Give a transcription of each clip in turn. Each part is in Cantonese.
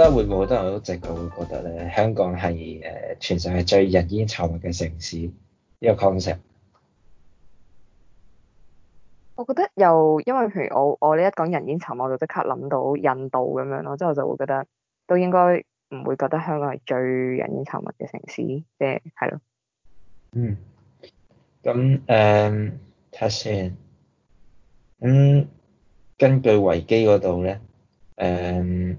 都係會唔會好多人都直覺會得覺得咧，香港係誒、呃、全世界最人煙稠密嘅城市呢、呢個 concept。我覺得又因為譬如我我呢一講人煙稠密，我就即刻諗到印度咁樣咯，之後我就會覺得都應該唔會覺得香港係最人煙稠密嘅城市嘅係咯。嗯。咁誒睇下先，咁根據維基嗰度咧，誒、嗯。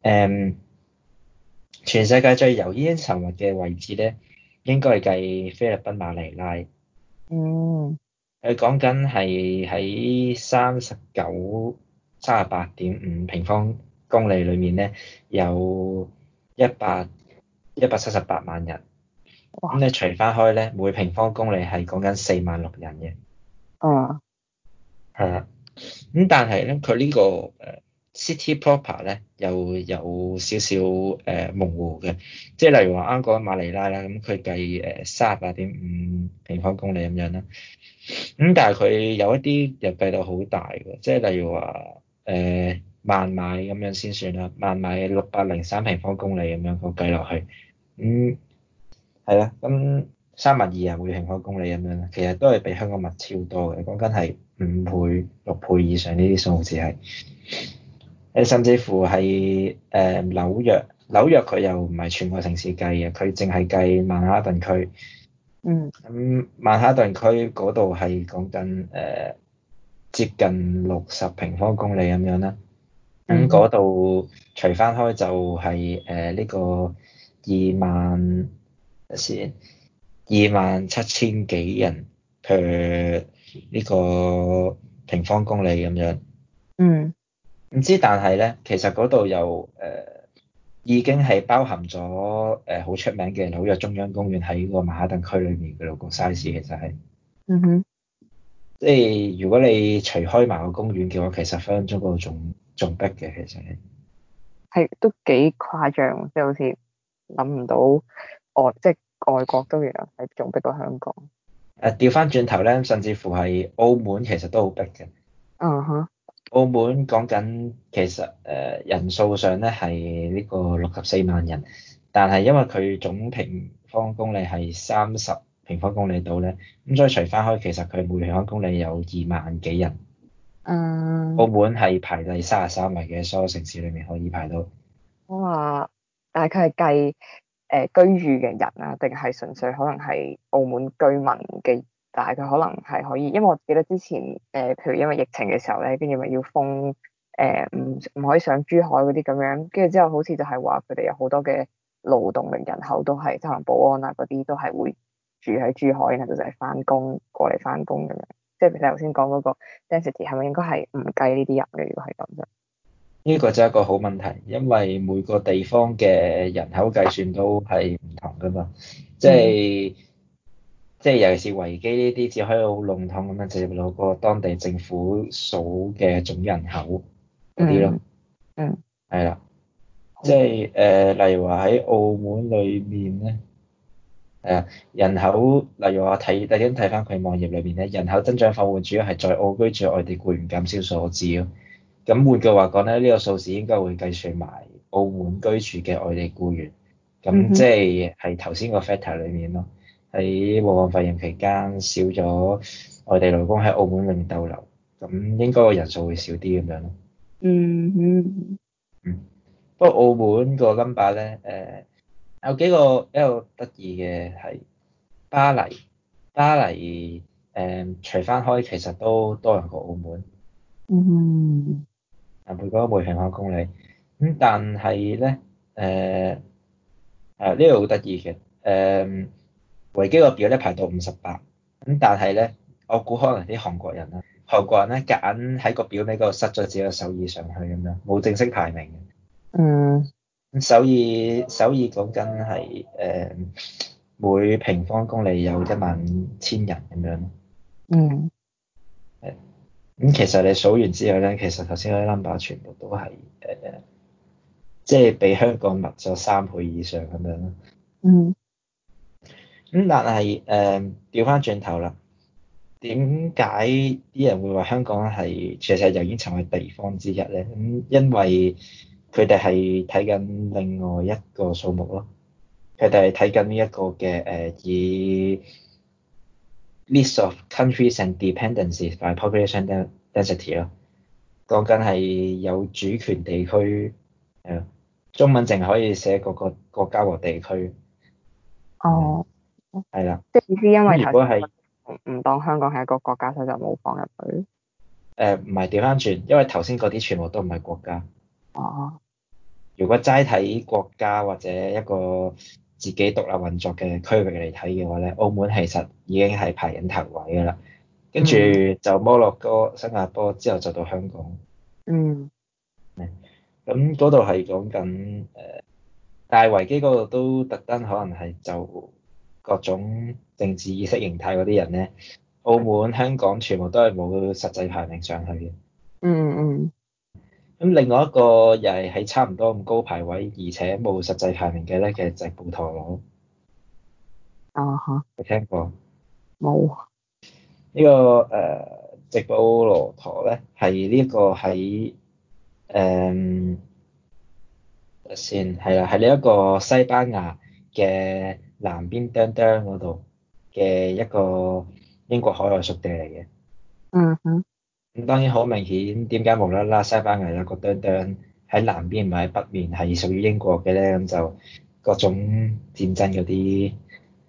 誒，um, 全世界最人煙稠密嘅位置咧，應該係計菲律賓馬尼拉。嗯。佢講緊係喺三十九、三十八點五平方公里裡面咧，有一百一百七十八萬人。咁咧哇、嗯、除返開咧，每平方公里係講緊四萬六人嘅。啊、嗯。係啊。咁但係咧，佢呢個誒。City proper 咧又有少少誒模糊嘅，即係例如話啱講馬尼拉啦，咁、嗯、佢計誒三十八點五平方公里咁樣啦。咁、嗯、但係佢有一啲又計到好大嘅，即係例如話誒孟買咁樣先算啦，孟買六百零三平方公里咁樣，我計落去，咁係啦，咁三萬二啊，嗯、每平方公里咁樣啦，其實都係比香港密超多嘅，講緊係五倍、六倍以上呢啲數字係。誒甚至乎係誒、呃、紐約，紐約佢又唔係全個城市計嘅，佢淨係計曼哈頓區。嗯。咁、嗯、曼哈頓區嗰度係講緊誒，接近六十平方公里咁樣啦。咁嗰度除翻開就係誒呢個二萬先，二萬七千幾人，per 呢個平方公里咁樣。嗯。唔知，但係咧，其實嗰度又誒已經係包含咗誒好出名嘅，紐約中央公園喺個曼哈頓區裏面嘅嗰個 size 其實係，嗯哼，即係如果你除開埋個公園嘅話，其實分分鐘嗰度仲仲逼嘅，其實係，係都幾誇張，即、就、係、是、好似諗唔到外即係、就是、外國都原來一樣，係仲逼過香港。誒、啊，調翻轉頭咧，甚至乎係澳門其實都好逼嘅。嗯哼。澳門講緊其實誒、呃、人數上咧係呢個六十四萬人，但係因為佢總平方公里係三十平方公里到咧，咁、嗯、所以除翻開其實佢每平方公里有二萬幾人。嗯。澳門係排第三十三位嘅所有城市裏面可以排到。我話、嗯，但係佢係計誒居住嘅人啊，定係純粹可能係澳門居民嘅？但係佢可能係可以，因為我記得之前誒、呃，譬如因為疫情嘅時候咧，跟住咪要封誒，唔、呃、唔可以上珠海嗰啲咁樣，跟住之後好似就係話佢哋有好多嘅勞動人口都係，即、就是、可能保安啊嗰啲都係會住喺珠海，然後就係返工過嚟返工咁樣。即係你實頭先講嗰個 density 係咪應該係唔計呢啲人嘅？如果係咁樣，呢個就係一個好問題，因為每個地方嘅人口計算都係唔同噶嘛，即、就、係、是。嗯即係尤其是維基呢啲，只可以好籠統咁樣，直接攞個當地政府數嘅總人口啲咯。嗯。嗯，係啦。即係誒、呃，例如話喺澳門裏面咧，係啊，人口例如話睇頭先睇翻佢網頁裏面咧，人口增長放緩主要係在澳居住外地僱員減少所致咯。咁換句話講咧，呢、這個數字應該會計算埋澳門居住嘅外地僱員。咁即係係頭先個 factor 裏面咯。嗯喺武漢肺炎期間少咗外地勞工喺澳門裏面逗留，咁應該個人數會少啲咁樣咯。嗯。嗯。不過澳門個金額咧，誒有幾個一個得意嘅係巴黎，巴黎誒除翻開其實都多人過澳門。嗯。人每嗰一萬平方公里，咁但係咧誒係呢個好得意嘅誒。維基個表咧排到五十八，咁但係咧，我估可能啲韓國人啦，韓國人咧夾硬喺個表尾嗰度塞咗自己個首爾上去咁樣，冇正式排名嘅。嗯。咁首爾首爾講緊係誒每平方公里有一萬五千人咁樣咯。嗯。誒、呃，咁其實你數完之後咧，其實頭先嗰啲 number 全部都係誒、呃，即係比香港密咗三倍以上咁樣咯。嗯。咁但係誒調翻轉頭啦，點解啲人會話香港係全世界最逼嘅地方之一咧？咁因為佢哋係睇緊另外一個數目咯，佢哋係睇緊呢一個嘅誒、呃、以 list of countries and dependencies by population density 咯，講緊係有主權地區，係咯，中文淨可以寫各個國家和地區。哦。嗯。係啦，即係意思因為剛剛，如果係唔唔當香港係一個國家，所以就冇放入去。誒、呃，唔係調翻轉，因為頭先嗰啲全部都唔係國家。哦、啊。如果齋睇國家或者一個自己獨立運作嘅區域嚟睇嘅話咧，澳門其實已經係排緊頭位噶啦。跟住就摩洛哥、新加坡之後就到香港。嗯。誒、嗯，咁嗰度係講緊誒，但係維基嗰度都特登可能係就。各種政治意識形態嗰啲人咧，澳門、香港全部都係冇實際排名上去嘅、嗯。嗯嗯。咁另外一個又係喺差唔多咁高排位，而且冇實際排名嘅咧，其實就直布羅陀。哦呵、啊哈。你聽過？冇。呢沒、這個誒、呃，直布羅陀咧，係呢一個喺誒、呃、先係啦，係呢一個西班牙嘅南邊釒釒嗰度嘅一個英國海外屬地嚟嘅。嗯哼。咁當然好明顯，點解無啦啦西班牙有個釒釒喺南邊唔係喺北面係屬於英國嘅咧？咁就各種戰爭嗰啲、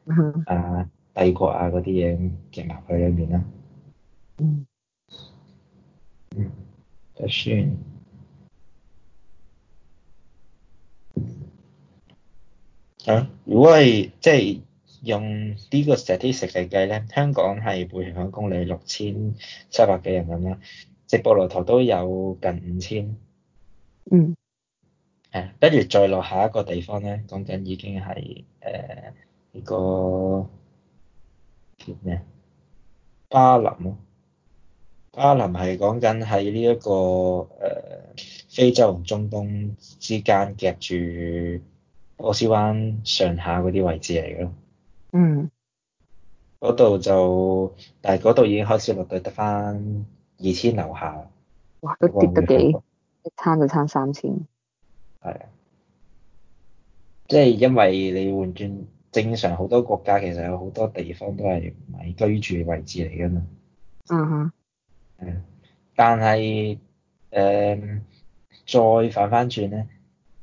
嗯、哼啊帝國啊嗰啲嘢咁夾埋佢裏面啦。嗯。嗯。啊！如果係即係用個呢個 statistic 嚟計咧，香港係每平方公里六千七百幾人咁、啊、啦，直布羅陀都有近五千。嗯。誒、啊，不如再落下一個地方咧，講緊已經係誒呢個咩巴林咯，巴林係講緊喺呢一個誒、呃、非洲同中東之間夾住。柯斯灣上下嗰啲位置嚟嘅咯，嗯，嗰度就，但係嗰度已經開始落到得翻二千樓下，下，哇，都跌得幾，一攤國就攤三千，係啊，即係因為你換轉正常好多國家其實有好多地方都係唔係居住嘅位置嚟嘅嘛，嗯哼，係，但係誒、呃、再反翻轉咧。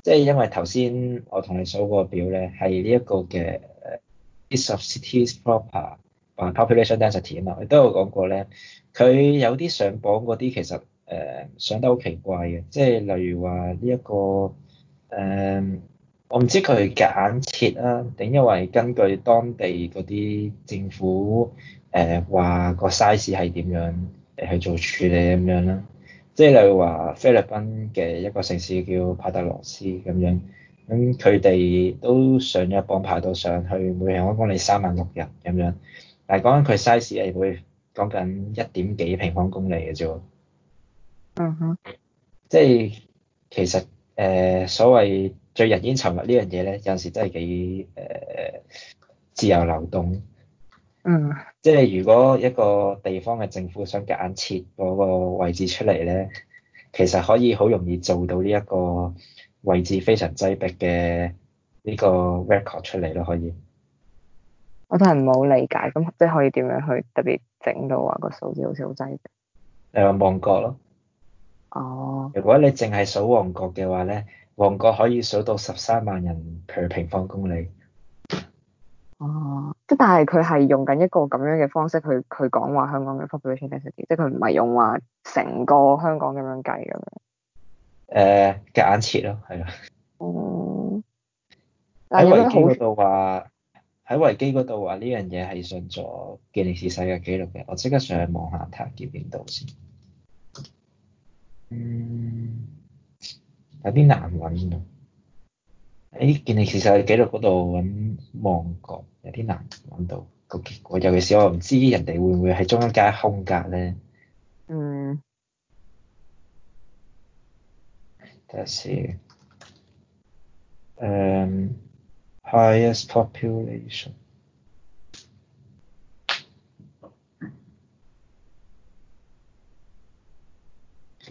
即係因為頭先我同你數嗰個表咧，係呢一個嘅 list of cities proper or population、啊、density 啊嘛。你都有講過咧，佢有啲上榜嗰啲其實誒、呃、上得好奇怪嘅，即係例如話呢一個誒、呃，我唔知佢簡切啊，定因為根據當地嗰啲政府誒話、呃、個 size 係點樣嚟去做處理咁樣啦。即係例如話菲律賓嘅一個城市叫帕特羅斯咁樣，咁佢哋都上咗榜排到上去，每平方公里三萬六人咁樣。但係講緊佢 size 係會講緊一點幾平方公里嘅啫。嗯哼。即係其實誒、呃、所謂最人煙稠密呢樣嘢咧，有陣時真係幾誒、呃、自由流動。嗯，即係如果一個地方嘅政府想夾硬設嗰個位置出嚟咧，其實可以好容易做到呢一個位置非常擠迫嘅呢個 record 出嚟咯，可以。我都係唔好理解，咁即係可以點樣去特別整到話個數字好似好擠迫？你話旺角咯？哦，如果你淨係數旺角嘅話咧，旺角可以數到十三萬人 per 平方公里。哦。即但係佢係用緊一個咁樣嘅方式去去講話香港嘅 population density，即係佢唔係用話成個香港咁樣計咁樣。誒、呃，夾硬切咯，係咯。哦、嗯。喺維基嗰度話，喺維基嗰度話呢樣嘢係上咗健力士世界紀錄嘅，我即刻上去望下睇下見唔見到先。嗯。有啲難搵啊！喺健力士世界紀錄嗰度搵旺角。看看看看先難揾到個結果，尤其是我又唔知人哋會唔會喺中間加一空格咧。嗯，第四，嗯，highest population，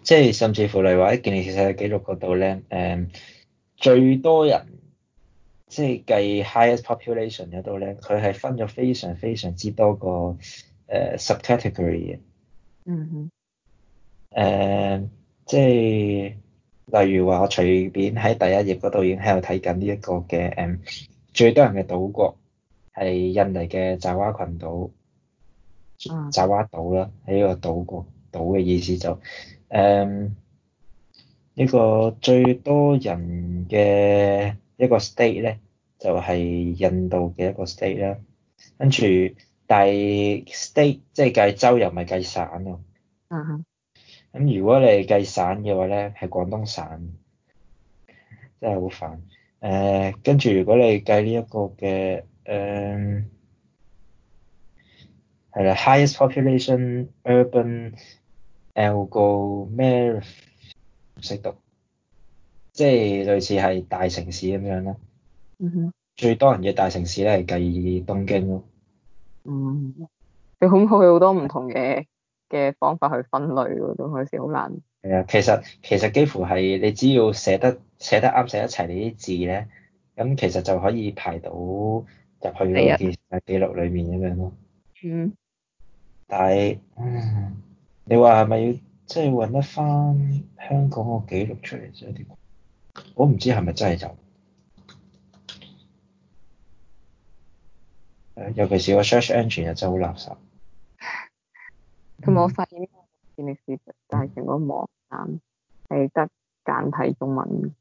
即係甚至乎例如話喺健力士世界紀錄嗰度咧，誒、最多人。即係計 highest population 嗰度咧，佢係分咗非常非常之多個誒 subcategory 嘅。Uh, sub 嗯哼。誒、uh,，即係例如話，我隨便喺第一頁嗰度已經喺度睇緊呢一個嘅誒、um, 最多人嘅島國係印尼嘅爪哇群島、爪哇、啊、島啦，喺、這、呢個島國島嘅意思就誒、是、呢、um, 個最多人嘅。一個 state 咧就係印度嘅一個 state 啦，跟住大 state，即係計州又唔係計省咯。嗯哼。咁如果你係計省嘅話咧，係廣東省，真係好煩。誒，跟住如果你計呢一個嘅誒係啦，highest population urban algo 唔識讀？即係類似係大城市咁樣啦，mm hmm. 最多人嘅大城市咧係計東京咯。嗯，佢好佢好多唔同嘅嘅方法去分類咯，都開始好難。係啊，其實其實幾乎係你只要寫得寫得啱，寫一齊你啲字咧，咁其實就可以排到入去個記記錄裏面咁樣咯，mm hmm. 嗯，但係嗯，你話係咪要即係揾一翻香港個記錄出嚟，有啲～我唔知係咪真係有，誒，尤其是個 search engine 又真係好垃圾。佢冇我發現，見歷史，但係成個網站係得簡體中文。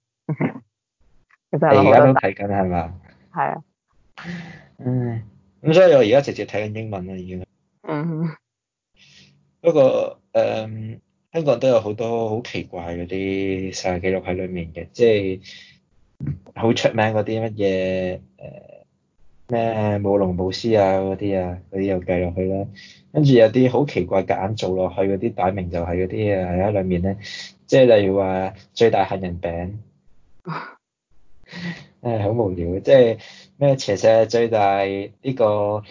你而家都睇緊係嘛？係啊。嗯，咁所以我而家直接睇緊英文啦，啊，已經。嗯哼。不過，誒、嗯。香港都有好多好奇怪嗰啲世界紀錄喺裏面嘅，即係好出名嗰啲乜嘢，誒咩舞龍舞獅啊嗰啲啊，嗰啲又計落去啦。跟住有啲好奇怪夾硬做落去嗰啲，擺明就係嗰啲啊喺裏面咧。即係例如話最大杏仁餅，誒好 無聊嘅，即係咩其實最大呢個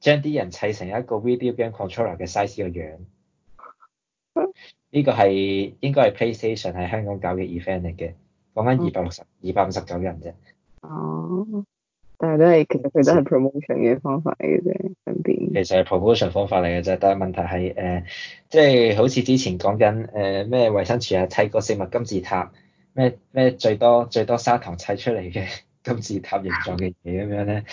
將啲人砌成一個 video game controller 嘅 size 個樣。呢個係應該係 PlayStation 喺香港搞嘅 event 嚟嘅，講返二百六十、二百五十九人啫。哦，但係都係其實佢都係 promotion 嘅方法嚟嘅啫上邊。其實係 promotion 方法嚟嘅啫，但係問題係誒，即、呃、係、就是、好似之前講緊誒咩衞生署啊砌個食物金字塔，咩咩最多最多砂糖砌出嚟嘅金字塔形狀嘅嘢咁樣咧，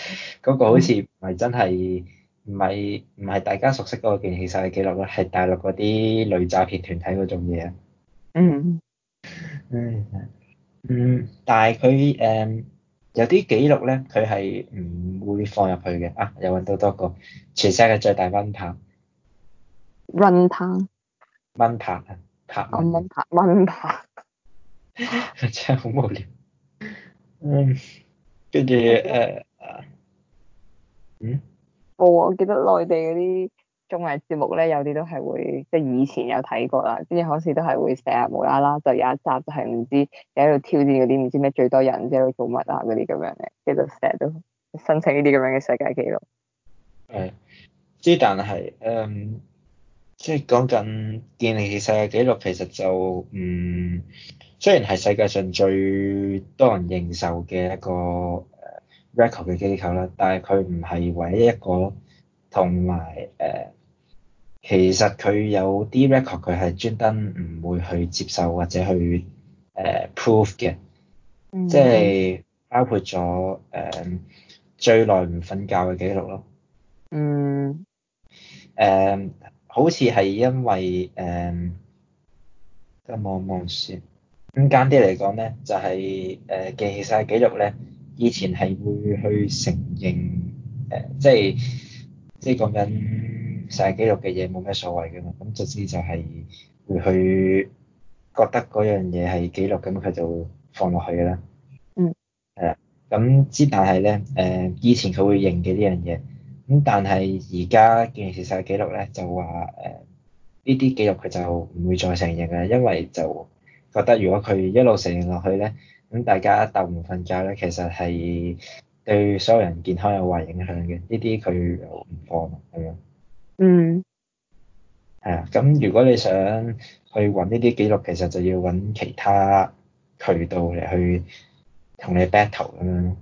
嗰、那個好似唔係真係。嗯。唔係唔係大家熟悉嗰件其實嘅記錄咯，係大陸嗰啲女詐騙團體嗰種嘢。嗯。嗯。嗯，但係佢誒有啲記錄咧，佢係唔會放入去嘅。啊，又搵到多個全世界最大蚊帕。蚊帕帕。蚊帕啊！帕啊！蚊帕蚊帕。 真係好無聊。嗯。跟住誒。Uh, 嗯？我、哦、我記得內地嗰啲綜藝節目咧，有啲都係會即係以前有睇過啦，之前好似都係會成日無啦啦就有一集就係唔知又喺度挑戰嗰啲唔知咩最多人即係做乜啊嗰啲咁樣嘅，即就成日都申請呢啲咁樣嘅世界紀錄。係，之但係誒、嗯，即係講緊建立世界紀錄，其實就嗯，雖然係世界上最多人認受嘅一個 record 嘅機構啦，但係佢唔係唯一一個咯，同埋誒，其實佢有啲 record 佢係專登唔會去接受或者去誒 prove 嘅，呃 Pro 嗯、即係包括咗誒、呃、最耐唔瞓覺嘅記錄咯。嗯，誒、呃、好似係因為誒，我望望先。咁簡單嚟講咧，就係、是、誒、呃、記晒記錄咧。以前係會去承認誒、呃，即係即係講緊晒記錄嘅嘢冇咩所謂嘅嘛，咁甚至就係會去覺得嗰樣嘢係記錄咁，佢就放落去嘅啦。嗯，係啦、嗯，咁之但係咧，誒、呃、以前佢會認嘅呢樣嘢，咁但係而家件事晒記錄咧，就話誒呢啲記錄佢就唔會再承認啦，因為就覺得如果佢一路承認落去咧。咁大家鬥唔瞓覺咧，其實係對所有人健康有壞影響嘅。呢啲佢唔放咁樣。嗯。係啊，咁如果你想去揾呢啲記錄，其實就要揾其他渠道嚟去同你 battle 咁樣。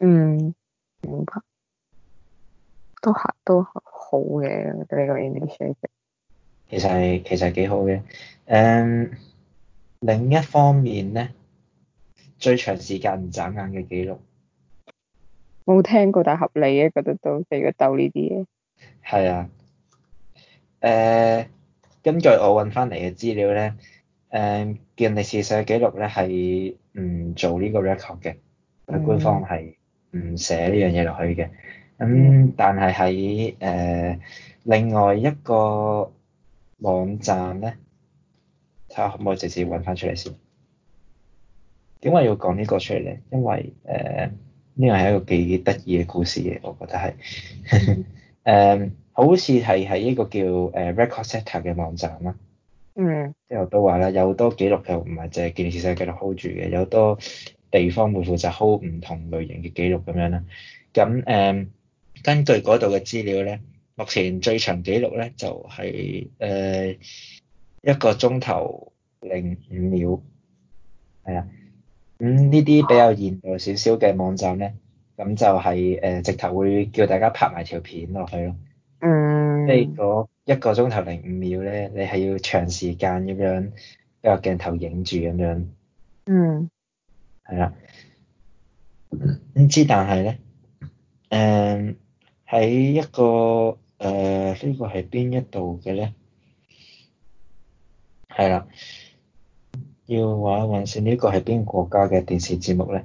嗯，明白。都係都好嘅，呢個 initiative 其實係其實幾好嘅。誒，另一方面咧。最長時間唔眨眼嘅記錄，冇聽過，但合理嘅覺得都，畀佢鬥呢啲嘢。係啊，誒、呃，根據我揾翻嚟嘅資料咧，誒、呃，健力士世界紀錄咧係唔做呢個 record 嘅，嗯、官方係唔寫呢樣嘢落去嘅。咁、嗯嗯、但係喺誒另外一個網站咧，睇下可唔可以直接揾翻出嚟先。點解要講呢個出嚟咧？因為誒，呢個係一個幾得意嘅故事嘅，我覺得係誒、mm hmm. 呃，好似係喺一個叫誒、呃、Record Setter 嘅網站啦。嗯、mm。即、hmm. 係都話啦，有多紀錄又唔係淨係健力士世界紀錄 hold 住嘅，有多地方會負責 hold 唔同類型嘅紀錄咁樣啦。咁誒、呃，根據嗰度嘅資料咧，目前最長紀錄咧就係誒一個鐘頭零五秒，係啊。咁呢啲比較現代少少嘅網站咧，咁就係、是、誒、呃、直頭會叫大家拍埋條片落去咯。嗯。即係一個鐘頭零五秒咧，你係要長時間咁樣俾個鏡頭影住咁樣。嗯。嗯。係、嗯呃這個、啦。唔知，但係咧，誒喺一個誒呢個係邊一度嘅咧？係啦。要玩揾算呢個係邊個國家嘅電視節目咧？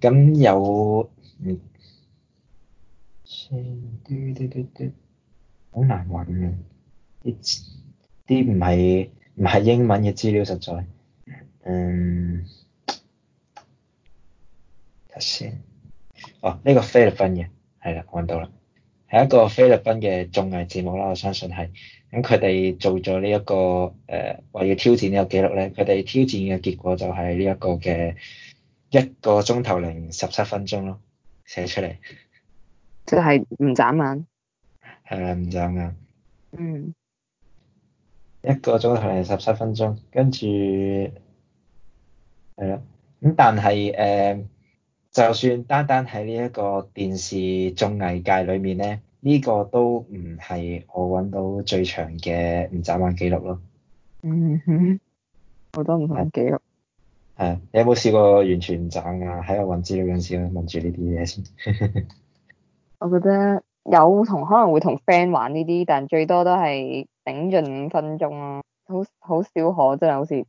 咁有嗯，好難揾啊！啲啲唔係唔係英文嘅資料，實在嗯，睇先。哦，呢個菲律賓嘅，係啦，揾到啦。係一個菲律賓嘅綜藝節目啦，我相信係。咁佢哋做咗呢一個誒話、呃、要挑戰呢個紀錄咧，佢哋挑戰嘅結果就係呢一個嘅一個鐘頭零十七分鐘咯，寫出嚟。即係唔眨眼。係啊，唔眨眼。嗯。一個鐘頭零十七分鐘，跟住係啦。咁但係誒。呃就算單單喺呢一個電視綜藝界裏面咧，呢個都唔係我揾到最長嘅唔眨眼記錄咯。嗯哼，我都唔係記錄。係啊，你有冇試過完全唔眨啊？喺度揾資料嗰陣時，問住呢啲嘢先。 我覺得有同可能會同 friend 玩呢啲，但最多都係頂盡五分鐘咯，好好少可真係好似即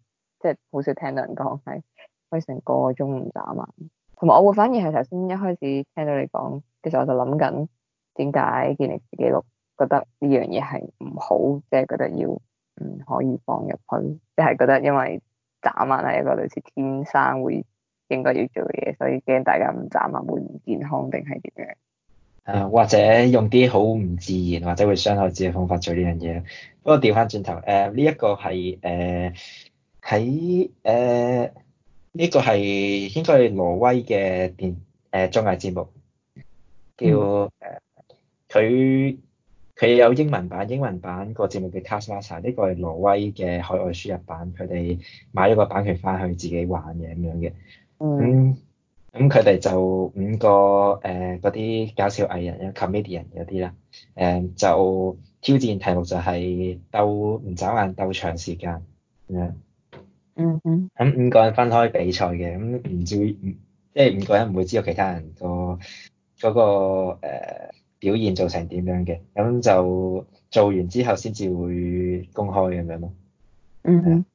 係好少聽到人講係可以成個鐘唔眨眼。同埋我會反而係頭先一開始聽到你講，其實我就諗緊點解見你自己錄覺得呢樣嘢係唔好，即係覺得要唔可以放入去，即係覺得因為眨眼係一個類似天生會應該要做嘅嘢，所以驚大家唔眨眼會唔健康定係點樣？誒，或者用啲好唔自然或者會傷害自己嘅方法做呢樣嘢。不過調返轉頭，誒呢一個係誒喺誒。呃呢個係應該係挪威嘅電誒、呃、綜藝節目，叫誒，佢佢有英文版，英文版個節目叫 Taskmaster，呢個係挪威嘅海外輸入版，佢哋買咗個版權返去自己玩嘅咁樣嘅。嗯。咁佢哋就五個誒嗰啲搞笑藝人啊，comedian 嗰啲啦，誒、嗯呃、就挑戰題目就係鬥唔眨眼鬥長時間咁樣。嗯嗯，咁、mm hmm. 五個人分開比賽嘅，咁唔知，即係五個人唔會知道其他人、那個嗰個、呃、表現做成點樣嘅，咁就做完之後先至會公開咁樣咯。嗯哼，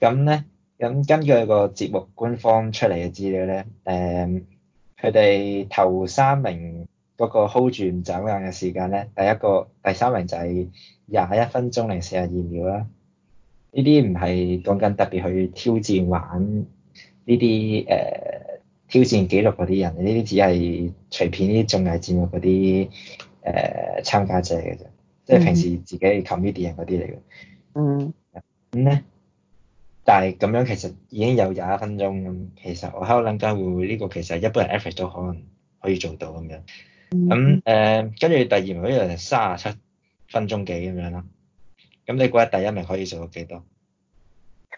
咁咧、mm，咁、hmm. 啊、根據個節目官方出嚟嘅資料咧，誒、呃，佢哋頭三名嗰個 hold 住唔眨眼嘅時間咧，第一個第三名就係廿一分鐘零四十二秒啦。呢啲唔係講緊特別去挑戰玩呢啲誒挑戰紀錄嗰啲人，呢啲只係隨便啲綜藝節目嗰啲誒參加者嘅啫，即係平時自己求啲啲人嗰啲嚟嘅。嗯。咁咧、嗯，但係咁樣其實已經有廿一分鐘咁，其實我喺度諗緊會唔會呢個其實一般係 effort 都可能可以做到咁樣。嗯。咁誒、嗯，跟、呃、住第二名嗰個人三十七分鐘幾咁樣啦。咁你估下第一名可以做到幾多？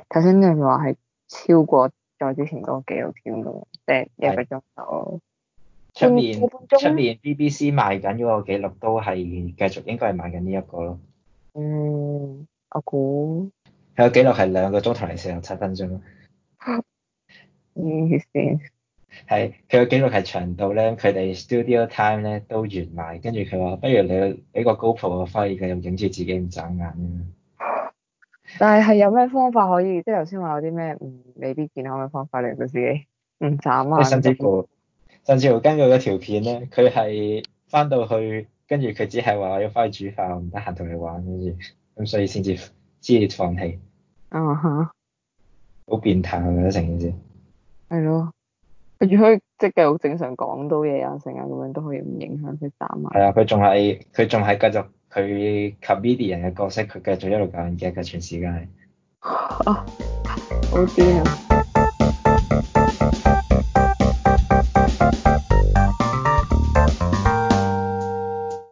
頭先你人話係超過再之前嗰個紀錄添咯，即係一個鐘頭。出面出面 BBC 賣緊嗰個紀錄都係繼續應該係賣緊呢一個咯。嗯，我估，佢個紀錄係兩個鐘頭零四十七分鐘咯。 係佢嘅記錄係長到咧，佢哋 studio time 咧都完埋，跟住佢話：不如你俾個 GoPro 個輝嘅，影住自己唔眨眼。但係係有咩方法可以？即係頭先話有啲咩未必健康嘅方法令到自己唔眨眼甚，甚至乎，甚至乎根據嗰條片咧，佢係翻到去，跟住佢只係話：要翻去煮飯，唔得閒同你玩，跟住咁所以先至先至放棄。啊哈、uh！好變態啊！成件事係咯。佢仲可以即係繼續正常講到嘢啊，成啊咁樣都可以唔影響佢打埋。係啊，佢仲係佢仲係繼續佢及 a b d i 人嘅角色，佢繼續一路夾硬夾嘅長時間。啊， 好啲。啊！